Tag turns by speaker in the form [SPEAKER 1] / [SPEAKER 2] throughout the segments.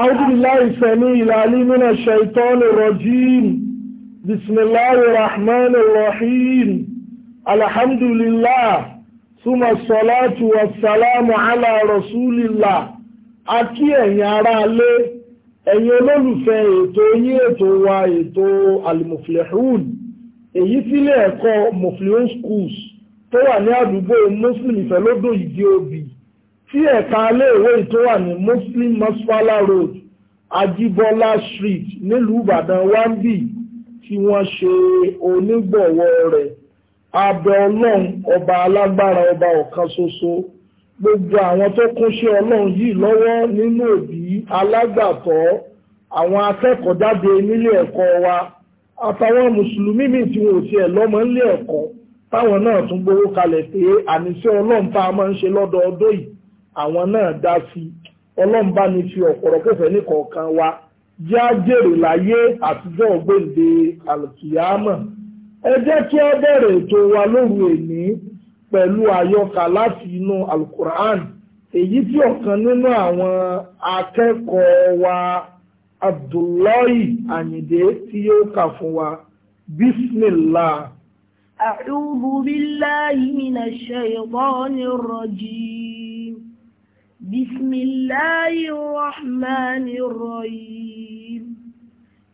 [SPEAKER 1] أعوذ بالله السميع العليم من الشيطان الرجيم بسم الله الرحمن الرحيم الحمد لله ثم الصلاة والسلام على رسول الله Akí ẹ̀yin ará ilé, ẹ̀yin olólùfẹ́ ètò yín ètò wa ètò Al-Muflihun, èyí sílé ẹ̀kọ́ Muflihun Schools tó wà ní àdúgbò Muslim ìfẹ́lódò ìdí òbí tí ẹ̀ka iléèwé tó wà ní Muslim Masfala Road Ajibola Street nílùú Ìbàdàn wambi tí wọ́n ṣe onígbọ̀wọ́ rẹ̀ abẹ ọlọ́run ọba alágbára ọba ọ̀kan ṣoṣo gbogbo àwọn tó kúnṣẹ́ ọlọ́run yìí lọ́wọ́ nínú òbí alágbàtọ́ àwọn akẹ́kọ̀ọ́ jáde nílé ẹ̀kọ́ wa àtàwọn mùsùlùmí mi tí wọn ò tiẹ̀ lọ́mọ nílé ẹ̀kọ́ táwọn náà tún gbowó kalẹ̀ pé àníṣe ọlọ́run tá a máa ń ṣe lọ́dọọdún yìí àwọn náà dá sí ọlọ́run bá ní fi ọ̀pọ̀rọ̀ kẹfẹ́ nìkọ̀ọ̀kan wa jẹ́ àjèrè láyé àtijọ́ ògbéǹde àlùkìyámọ̀ ẹ jẹ́ kí ẹ bẹ̀rẹ̀ ètò wa lóru èní pẹ̀lú àyọkà láti inú alukur'an èyí tí ọ̀kan nínú àwọn akẹ́kọ̀ọ́ wa abdullahi ayinde tí yóò kà fún wa bismillah. a'udhu billahi minash shaytanir rajim. بسم الله الرحمن الرحيم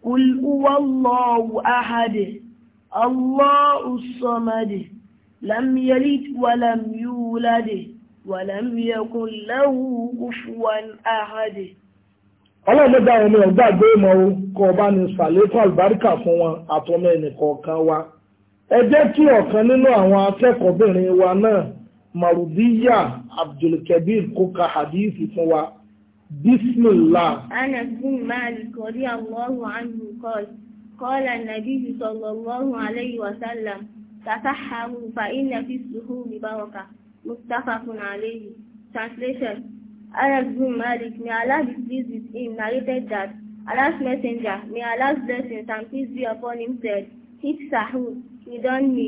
[SPEAKER 1] قل هو الله أحد الله الصمد لم يلد ولم يولد ولم يكن له كفوا أحد ọlọ́run ló dá ọmọ ẹ̀gbá ìmọ̀ o kọ́ ní sàlékún àlùbáríkà fún wọn àtọmọ ẹnìkọ̀ọ̀kan wa ẹ jẹ́ kí ọ̀kan nínú àwọn akẹ́kọ̀ọ́bìnrin wa náà marudiya abdulkabir kó ka hadithi fún wa bismillah ana bin malik rí allahu anhu kọ́l kọ́lá nàbí sallallahu alayhi wa sallam tasaharu fa inna fi suhuri baraka muttafaqun alayhi translation ana bin malik may allah be pleased with him narrated that allah's messenger may allah's blessings and peace be upon him said hit sahur we don't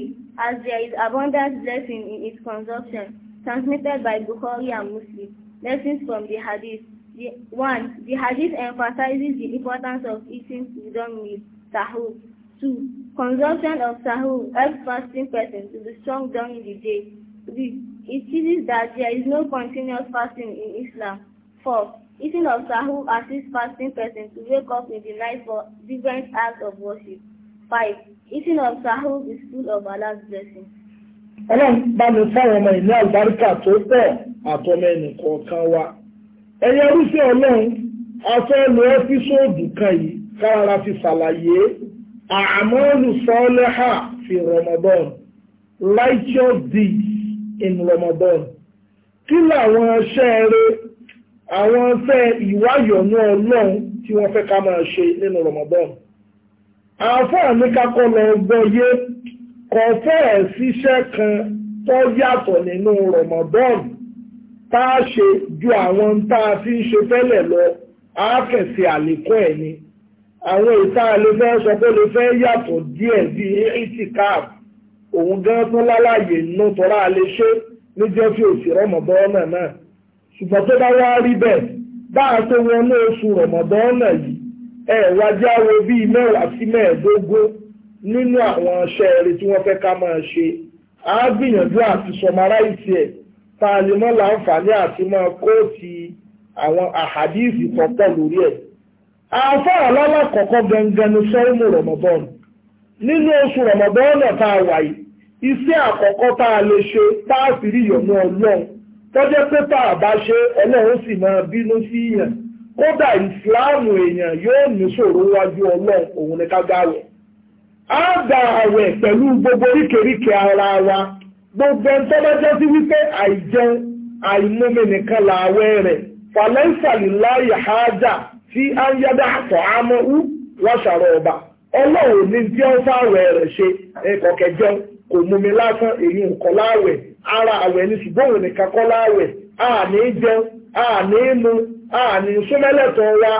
[SPEAKER 1] as there is abundant blessing in its consumption, transmitted by Bukhari and Muslim. Lessons from the Hadith. The, one, the Hadith emphasizes the importance of eating freedom meal, sahur. Two, consumption of sahur helps fasting person to be strong during the day. Three, it teaches that there is no continuous fasting in Islam. Four, eating of sahur assists fasting person to wake up in the night for different acts of worship. 5. Eating of Sahur is full of Allah's blessing. Ọlọ́run bá mi fáwọn ọmọ ìlú àlùbáríkà tó pọ̀ àtọmọ ẹnìkọ̀ọ̀kan wa. Ẹyẹ rúṣẹ́ Ọlọ́run, a fẹ́ lo ẹ́písòdù kan yìí kára fi ṣàlàyé àmọ́lù sọ́ọ́lẹ́hà fi Ramadan, righteous deeds in Ramadan. Kí làwọn ṣẹ́ rẹ̀ àwọn fẹ́ ìwáyọ̀nú Ọlọ́run tí wọ́n fẹ́ ká máa ṣe nínú Ramadan? àáfàá ní kakọ́ lọ gbọ́yé kò fẹ́ẹ̀ síṣẹ́ kan tó yàtọ̀ nínú Ramadan tá a ṣe ju àwọn tá a fi ń ṣe tẹ́lẹ̀ lọ àákẹ̀sí àlékún ẹ̀ ni àwọn ìta lè fẹ́ sọ pé lè fẹ́ yàtọ̀ díẹ̀ bí itikaf òun gan tún lálàyé nínú tọ́ra lè ṣe níjọ́ òsì Ramadan náà ṣùgbọ́n tó bá wá rí bẹ́ẹ̀ bá a tó wọnú oṣù Ramadan yìí ẹ̀wà jáwo bíi mẹ́wàá sí mẹ́ẹ̀ẹ́dógún nínú àwọn iṣẹ́ eré tí wọ́n fẹ́ ká máa ṣe á gbìyànjú àti sọmaráìsì ẹ̀ tá a lè mọ́ láǹfààní àti máa kóòtì àwọn àhàdíìsì pọ̀pọ̀ lórí ẹ̀. àfáà lọ́lọ́kọ̀ọ́kọ́ gangan ni sọ́ọ́mù rọ̀mọ́bọ́ọ̀nù nínú oṣù rọ̀mọ́bọ́ọ̀nù tá a wà yìí iṣẹ́ àkọ́kọ́ tá a lè ṣe tá a sì rí ìyọ̀nù ọlọ́run tó jẹ́ pé tá a bá ṣe ọlọ́run sì máa bínú sí yàn kódà ìsìláàmù èèyàn yóò ní ṣòro wájú ọlọ́run òun ní kágáwẹ̀ gba àwẹ̀ pẹ̀lú gbogbo oríkèríkè ara wa gbogbo ẹni tó bá jẹ́ sí wípé àìjẹun àìmúmi nìkan rẹ̀ yàhájà tí a ń àtọ̀ àmọ́ ọba ọlọ́run ní tí ó rẹ̀ ṣe jẹun kò múmi lásán èyí ara àwẹ̀ ní ṣùgbọ́n òun nìkan kọ́ láwẹ̀ jẹun mu àní súnmẹ́lẹ̀tọ̀ wa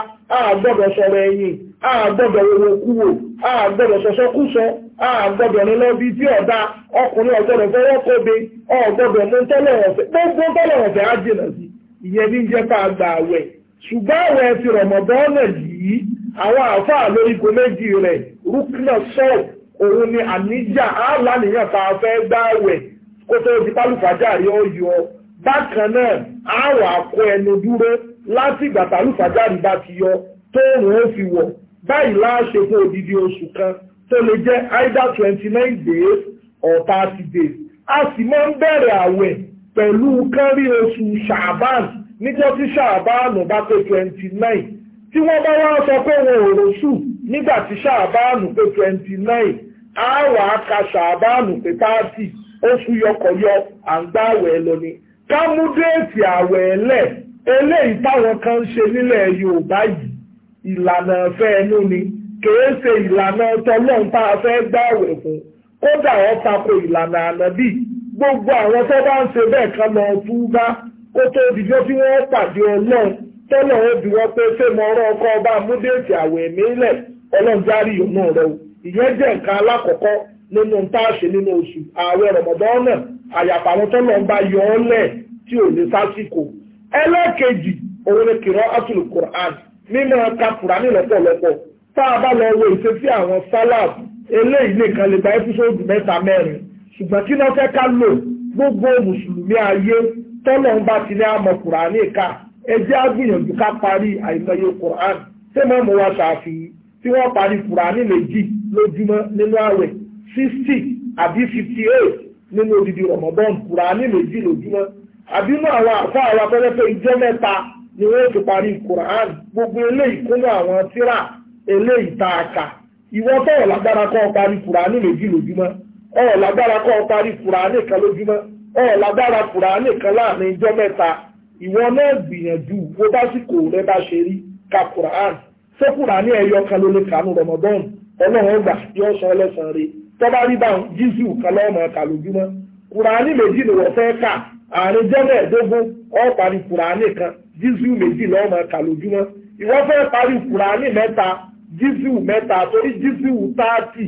[SPEAKER 1] àgbọ́dọ̀ sọ̀rọ̀ ẹ̀yìn àgbọ́dọ̀ owó kúrò àgbọ́dọ̀ sọ̀sọ́ kúsọ àgbọ́dọ̀ nílọ bí tí ọ̀dá ọkùnrin ọ̀gbọ́dọ̀ fọwọ́ kóbe ọ̀gbọ́dọ̀ mú tọ́lọ̀ọ̀fẹ́ gbogbo tọ́lọ̀ọ̀fẹ́ á jìnà sí ìyẹn bí ń jẹ́ ká gba àwẹ̀ ṣùgbọ́n àwẹ̀ ti rọ̀mọ̀bọ́ọ̀nà yìí àwọn àáfàá lóríko méjì rẹ̀ rúkìnà sọ̀rọ̀ òun ni àníjà aláníyàn tá a fẹ́ gbá àwẹ̀ kó tó di pálùfàjà rí ọ̀yọ́ bákan náà àwọ̀ àkọ ẹnu dúró láti ìgbà tàlùfàjárì bá ti yọ tóòrùn ó fi wọ̀ báyìí láàṣẹ fún odidi oṣù kan tó lè jẹ́ either twenty nine days or thirty days a sì máa ń bẹ̀rẹ̀ àwẹ̀ pẹ̀lú kárí oṣù ṣàbán níjọ́ tí ṣàbán bá pé twenty nine tí wọ́n bá wá sọ pé wọn ò rọ̀ṣù nígbà tí ṣàbán pé twenty nine a wà á ka ṣàbán pé thirty oṣù yọkọ̀yọ à ń gbá àwẹ̀ lọ ni ká mú déètì àwẹ̀ lẹ̀ eléyìí táwọn kan ń ṣe nílẹ̀ Yorùbá yìí ìlànà ẹ̀fẹ́ ẹnu ni kèé ṣe ìlànà tọlọ́n tá a fẹ́ gbà wẹ̀ fún kódà wọ́n tako ìlànà ànábì gbogbo àwọn tó bá ń ṣe bẹ́ẹ̀ kan lọ túbá kó tó dìjọ́ tí wọ́n pàdé ọlọ́run tọ́lọ̀ ó bí wọ́n pé ṣé mo rán ọkọ ọba múdèètì àwẹ̀ mílẹ̀ ọlọ́run járí ìyọ̀nù rẹ o ìyẹn jẹ́ nǹkan alákọ̀ọ́kọ́ nínú tá a ṣe nínú oṣù ààwẹ̀ rọ̀mọ̀dọ́nà àyàfà àwọn tọ́lọ̀ ń bá yọ ọ́ lẹ̀ tí ò ní sásìkò ẹlẹ́ẹ̀kejì òun ni kìrọ́ atul Qur'an nínú ẹ̀ka Qur'an lọ́pọ̀lọpọ̀ tá a bá lọ wo ìṣesí àwọn salaf eléyìí nìkan lè gba ẹ́fíṣọ́ọ̀dù mẹ́ta mẹ́rin ṣùgbọ́n kí náà fẹ́ ká lò gbogbo mùsùlùmí ayé tọ́lọ̀ ń bá ti ní àmọ́ Qur'an ká ẹ jẹ́ á gbìyànjú ká parí àìmọye Qur'an ṣé mọ́ mo wá ṣàfihàn tí wọ́n parí Qur'an méjì lójúmọ́ nínú àwẹ̀ sixty àbí fifty nínú odidi Ramadan Qur'an méjì lójúmọ́ àbínú àwọn àfá àwọn afẹ́fẹ́fẹ́ ìjẹ́ mẹ́ta ni wọ́n ti parí Quran gbogbo eléyìí kúnnú àwọn tíra eléyìí tààkà ìwọ tọ́ọ̀ lágbára kọ́ parí Quran méjì lójúmọ́ ọ̀ọ̀ lágbára kọ́ parí Quran kan lójúmọ́ ọ̀ọ̀ lágbára Quran kan láàrin ìjọ mẹ́ta ìwọ náà gbìyànjú wo básìkò rẹ bá ṣe rí ka Quran ṣé Quran ẹyọ kan ló lè kànú Ramadan ọlọ́run ọgbà yóò sọ ẹlẹ́sàn rẹ tọ́ba rí bá jísù kan lọ́mọ kà lójúmọ́ ààrin jẹ́mẹ̀ẹ́dógún ó parí kùránì kan jísù méjì lọ́ọ́ máa kà lójúmọ́ ìwọ fẹ́ parí kùránì mẹ́ta jísù mẹ́ta torí jísù táàtì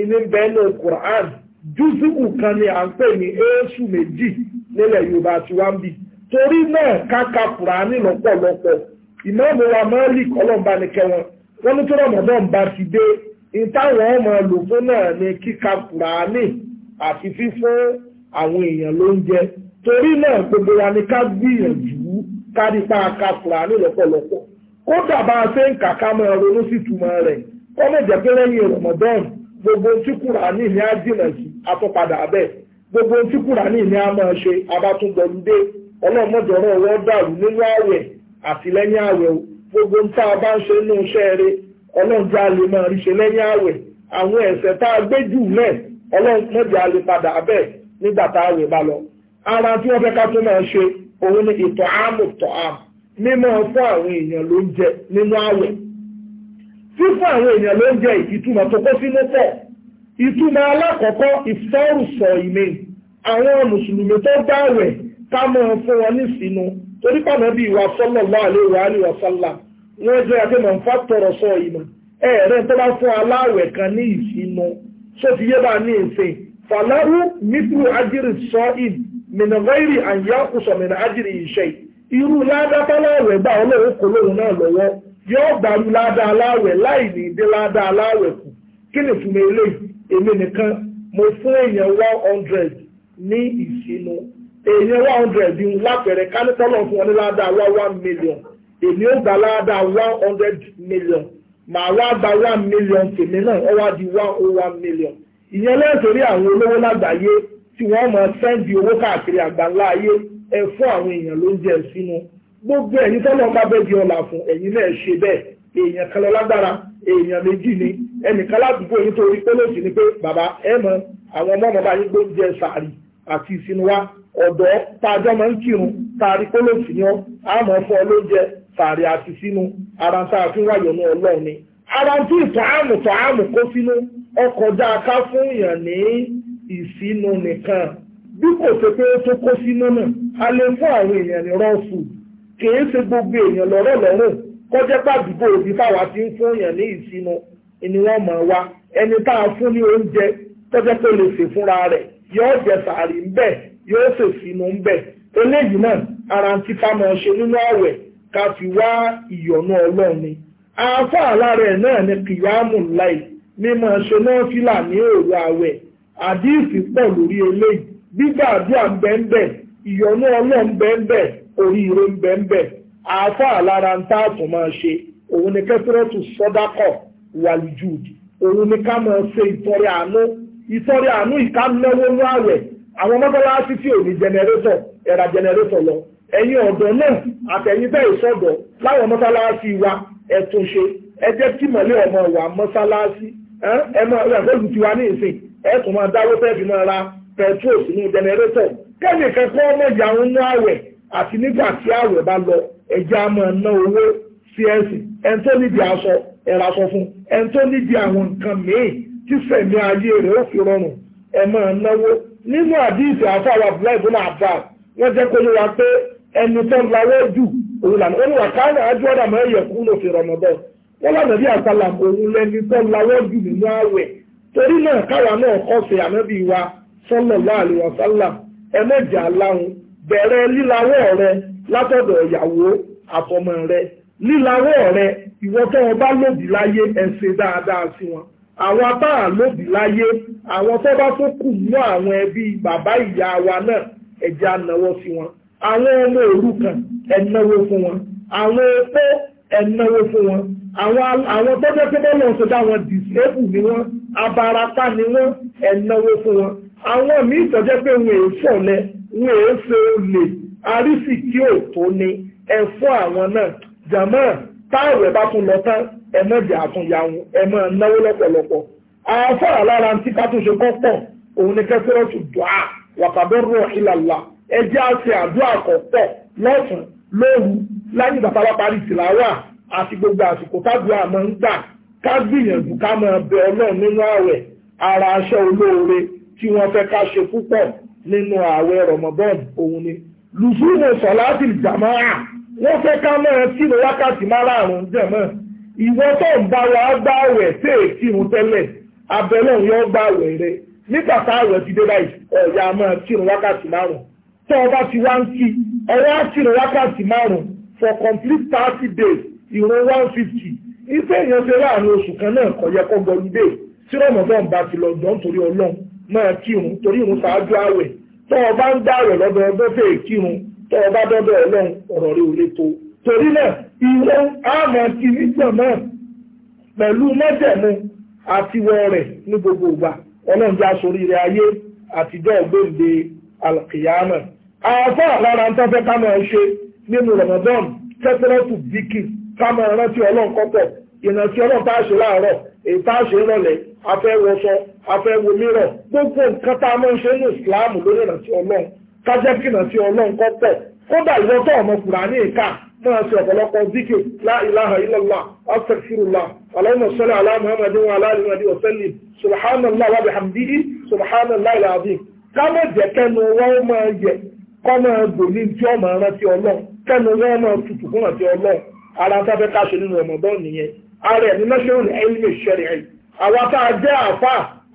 [SPEAKER 1] ìní bẹ́ẹ̀ ní kùránì jísù kan ni à ń pè ní éésù méjì nílẹ̀ yorùbá tí wá ń bì torí náà káka kùránì lọ́pọ̀lọpọ̀ ìmáàmù wa Málík ọlọ́mba ni kẹwọn wọn ní tó rọmọdún bá ti dé ìtàwọn ọmọ lò fún náà ni kíka kùránì àti fífún àwọn èèyàn lóúnjẹ torí náà gbogbo wa ni ká gbìyànjú kárípa kakura ní lọ́pọ̀lọpọ̀ kódà bá a ṣe ń kàkà máa ronú sí ìtumọ̀ rẹ̀ kọ́mẹ̀jẹ̀ pé lẹ́yìn Ramadan gbogbo tí Kùránì ní àjìnà sí atọ́padà abẹ́ gbogbo tí Kùránì ní a máa ṣe abátúndọ̀lúdé ọlọ́mọdọ̀rọ̀ ọwọ́ dàrú nínú ààwẹ̀ àti lẹ́yìn ààwẹ̀ o gbogbo tá a bá ń ṣe inú iṣẹ́ rẹ ọlọ́njẹ́ a tá a gbé bá lọ ara tí wọ́n fẹ́ ká tó máa ṣe òun ni ìtọ̀ àmù tọ̀ àmù mímọ́ fún àwọn èèyàn ló ń jẹ nínú àwẹ̀ fífún àwọn èèyàn ló ń jẹ ìtumọ̀ tó kó sínú pọ̀ ìtumọ̀ alákọ̀ọ́kọ́ ìfọ́rùsọ ìmẹ̀ àwọn mùsùlùmí tó bá àwẹ̀ ká máa fún wọn ní sínú torí pàmò bíi ìwà sallallahu alaihi wa sallam wọ́n jẹ́ àti mọ̀ ń fà tọrọ sọ ìmọ̀ ẹ̀ẹ́rẹ́ tó bá fún aláwẹ̀ kan ní ìsinú sófiyé bá ní ìsìn fàlárù mípù ájírì sọ ìmù mìnà gẹ́rì àyà kùsọ̀ mìnà ájìrì iru irú ládàtà láwẹ̀ gbà ọlọ́run kò lóhun náà lọ́wọ́ yóò gbàrú ládà aláwẹ̀ láì ní ìdí ládà kí ni mo fun eyan one hundred ní ìsinú one hundred one million emi o one hundred million ma one million oh one million tí wọ́n máa sẹ́ndì owó káàkiri àgbáńlá ayé ẹ fún àwọn èèyàn ló ń jẹ sínú gbogbo ẹ̀yin tọ́lọ́ bá bẹ́ẹ̀ di ọ̀la fún ẹ̀yin náà ṣe bẹ́ẹ̀ èèyàn kan lọ lágbára èèyàn méjì ni ẹnìkan ládùúgbò yín torí pé lóṣì ni pé bàbá ẹ mọ àwọn ọmọ ọmọ bá yín gbóúnjẹ sàárì àti ìsinú wa ọ̀dọ́ tájọ́ máa ń kírun tààrí pé lóṣì ni ọ́ àmọ́ fọ́ lóúnjẹ sàárì àti sínú ara tá a fi ń wáyọ̀ ní ọlọ́run ni ara tí ìtọ́ àmùtọ́ àmù kó sínú ọkọ̀ dáa ká fún èèyàn ní ìsínú nìkan bí kò ṣe pé ó tó kó sínú náà a lè fún àwọn èèyàn ní rọ́ọ̀fù kìí ṣe gbogbo èèyàn lọ́rọ̀ lọ́rùn kọjá pàdúgbò òbí fáwa ti ń fún èèyàn ní ìsínú ni wọ́n mọ̀ wá ẹni tá a fún ní oúnjẹ kọjá tó lè ṣe fúnra rẹ̀ yóò jẹ sàárì ń bẹ̀ yóò ṣe sínú ń bẹ̀ eléyìí náà ara ń ti fámọ́ ṣe nínú àwẹ̀ ká fi wá ìyọ̀nù ọlọ́run ni àáfàá lára ẹ̀ náà ni kìyàmù láì mímọ̀ ṣe náà fìlà ní òru àwẹ̀ àdíìsì pọ̀ lórí eléyìí gbígbà àdúrà ń bẹ́ ń bẹ̀ ìyọnú ọlọ́run ń bẹ́ ń bẹ̀ oríire ń bẹ́ ń bẹ̀ àáfàá lára ń tá àtún máa ṣe òun ni kẹsìrẹ́tù sọ́dákọ̀ wàlìjúùd òun ni ká máa ṣe ìtọrẹ àánú ìtọrẹ àánú ìkánáwó ní àwẹ̀ àwọn mọ́tọ́láṣí tí ò jẹnẹrétọ̀ ẹ̀rà jẹnẹrétọ̀ lọ ẹ̀yin ọ̀dọ́ náà àtẹ̀yìn bẹ́ẹ̀ ìsọ̀dọ̀ láwọn mọ́tọ́láṣí wa ẹ̀túnṣe ẹ jẹ́ kí mọ̀lẹ́ ọmọ wa mọ́tọ́láṣí ẹ máa rẹ̀ fẹ́ẹ́ lù tiwa ní ìsìn ẹ tún máa dáwó fẹ́ fi máa ra petrol sínú jẹnẹrétọ̀ kẹ́nìkan kọ́ ọmọ ìyàwó nú àwẹ̀ àti nígbà tí àwẹ̀ bá lọ ẹjẹ́ a máa ná owó sí ẹ̀sìn ẹni tó níbi aṣọ ẹ̀rọ aṣọ fún ẹni tó níbi àwọn nǹkan míì tí sẹ̀mí ayé rẹ̀ ó fi rọrùn ẹ máa náwó nínú àdíìsì àfáwà abdullahi bin abbas wọ́n jẹ́ kó lóra pé ẹni tó ń lawọ́ jù òun lànà olùwà káàní àjọ ọ̀dà mọ́ ẹ̀yẹ̀ kúrò fi rọmọdọ́ wọ́n lànà bí àsálàm òun lẹni tó ń lawọ́ jù nínú àwẹ̀ torí náà káwa náà kọ́ sí ànábì wa sallallahu alaihi wasallam ẹ mọ̀jà aláhùn bẹ̀rẹ̀ líláwọ́ rẹ látọ̀dọ̀ ìyàwó àtọmọ rẹ líláwọ́ rẹ ìwọ tó wọn bá lòdì láyé ẹ ṣe dáadáa sí wọn àwọn apá àlòdì láyé àwọn tó bá tó kù mú àwọn ẹbí bàbá ìyá wa náà ẹ jẹ́ á náwó sí wọn àwọn ọmọ òrukàn ẹ náwó fún wọn àwọn opó ẹ fún wọn àwọn tó jẹ́ pé bọ́ọ̀lù ọ̀sẹ̀ dá ni wọ́n abarapá ni wọ́n ẹ̀náwó fún wọn àwọn míì tọ́jẹ́ pé wọn èé fọ̀lẹ́ wọn èé ṣe olè arísì kí ò tó ni ẹ̀fọ́ àwọn náà jàmọ́ táàwẹ̀ bá tún lọ tán ẹ̀mọ́ ìjà àtúnyà wọn ẹ̀mọ́ náwó lọ́pọ̀lọpọ̀ àáfà lára ti ká tún ṣe kọ́pọ̀ òun ni kẹ́sìrọ́ tù dùá wàkàbẹ́rù ìlàlà ẹjẹ́ àti àdúrà kọ̀pọ̀ lọ́sùn lóru láyé bàbá wa ká gbìyànjú ká máa bẹ ọlọ́run nínú ààwẹ̀ ara aṣọ olóore tí wọ́n fẹ́ ká ṣe púpọ̀ nínú ààwẹ̀ rọmọbọ́n òun ni lùsùlùmù sọ̀láàtì jàmáà wọ́n fẹ́ ká máa kírun wákàtí márààrún jẹ̀mọ́ ìwọ tó ń bá wa gbá àwẹ̀ tẹ́ kírun tẹ́lẹ̀ abẹ́lẹ̀ yóò gbá àwẹ̀ rẹ nígbà táwẹ̀ ti dé báyìí ọ̀yà máa kírun wákàtí márùn tó o bá ti wá ń kí ọwọ́ á kírun wákàtí márùn for complete thirty days ìrún one fifty ife èèyàn ṣe láàrin oṣù kan náà kò yẹ kó gọlidé tí rọmọdún bá ti lọ dán torí ọlọ́run máa kírun torí irun ṣáájú ààwẹ̀ tó o bá ń dààwẹ̀ lọ́dọọdún fèè kírun tó o bá dọ́dọ̀ ọlọ́run ọ̀rọ̀ rẹ ò lè tó torí náà ìwọ àmọ́ ti nígbà náà pẹ̀lú mọ́jẹ̀mú àtiwọ́ rẹ̀ ní gbogbo ìgbà ọlọ́run já sórí rẹ̀ ayé àtijọ́ ògbéǹde alkiyama àfọ́ àlára ń tọ́fẹ́ ká máa ṣe nínú rọmọdún tẹ́tẹ́rẹ́tù bíkì ká máa rántí ọlọ́run kọ́pọ̀ ìnà tí ọlọ́run tá a ṣe láàárọ̀ èyí tá a ṣe rọlẹ̀ afẹ́wọṣọ afẹ́womírọ̀ gbogbo nǹkan tá a máa ń ṣe ní ìsìláàmù lórí ìnà tí ọlọ́run kájẹ́ kí ìnà tí ọlọ́run kọ́ pọ̀ kódà ìwọ tó ọmọ kùránì ìka máa ṣe ọ̀pọ̀lọpọ̀ zikir la ilaha illallah astaghfirullah allahumma salli ala muhammadin wa ala alihi wa sallim subhanallah wa bihamdihi subhanallah alazim ká má jẹ́ kẹ́nu wọn ara tá a fẹ́ ká ṣe nínú ọmọdé nìyẹn ara ẹ̀ ní national elmi ṣẹ̀rẹ̀ àwa tá a jẹ́ àfà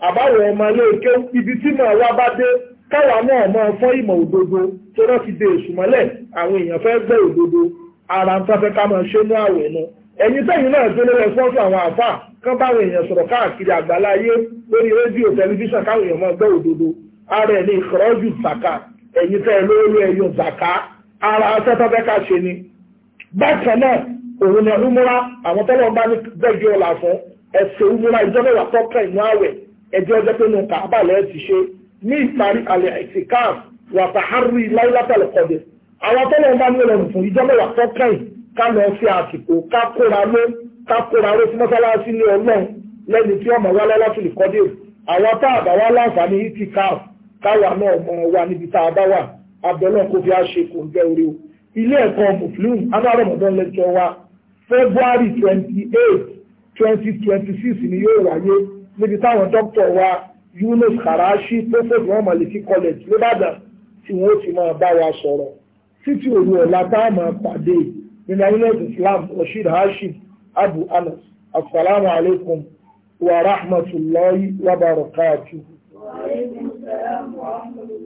[SPEAKER 1] àbáwọ̀ ọmọ ilé ike ibi tí mọ̀ wá bá dé káwa náà máa fọ́n ìmọ̀ òdodo tó rán ti de ìsúmọ́lẹ̀ àwọn èèyàn fẹ́ gbẹ́ òdodo ara ń tọ́fẹ́ ká máa ṣe ní àwẹ̀ nu ẹ̀yin sẹ́yìn náà tó lórí ẹ̀fọ́ fún àwọn àfà kán báwọn èèyàn sọ̀rọ̀ káàkiri àgbáláyé lórí rédíò tẹlifíṣàn káwọn èèyàn máa gbẹ́ òun ni umura àwọn tọ́lọ̀ bá ní bẹ́ẹ̀gì ọ̀la fún ẹ̀sẹ̀ umura ìjọ mẹ́wàá tọ́kàn inú àwẹ̀ ẹjẹ́ ọjọ́ pé nù ká abàlẹ̀ ẹ̀ ti ṣe ní ìparí alẹ́ àìsí káàm wàtàhárí láìlátàlẹ̀ kọ́dẹ̀ àwọn tọ́lọ̀ bá ní ọlọ́run fún ìjọ mẹ́wàá tọ́kàn ká lọ sí àsìkò ká kóra ló ká kóra ló fún mọ́sálásí ní ọlọ́run lẹ́ni tí ọmọ wa lọ́látùlẹ̀ kọ́dẹ̀ àwọn tá àbá wa láǹfààní ìtì káàm káwa náà mọ̀ wa níbi tá a bá wà abẹ́ náà kó fi á ṣe kò ń jẹ́ orí o ilé ẹ̀kọ́ mùsùlùmí adáàrọ̀mọ̀dán lẹ́jọ́ wa February twenty eight twenty twenty six ni yóò wáyé níbi táwọn dókítà wa Yunus Karachi prophet wọn Maliki college l'Íbàdàn tí wọn ó ti máa bá wa sọ̀rọ̀ títí òru ọ̀la táàmù pàdé nínú ayélujára Islam Rasheed Hashim Abu Anas asalaamu alaykum wa rahmatulahi wa barakatuhu. wa aleykum salaam wa rahmatulahi.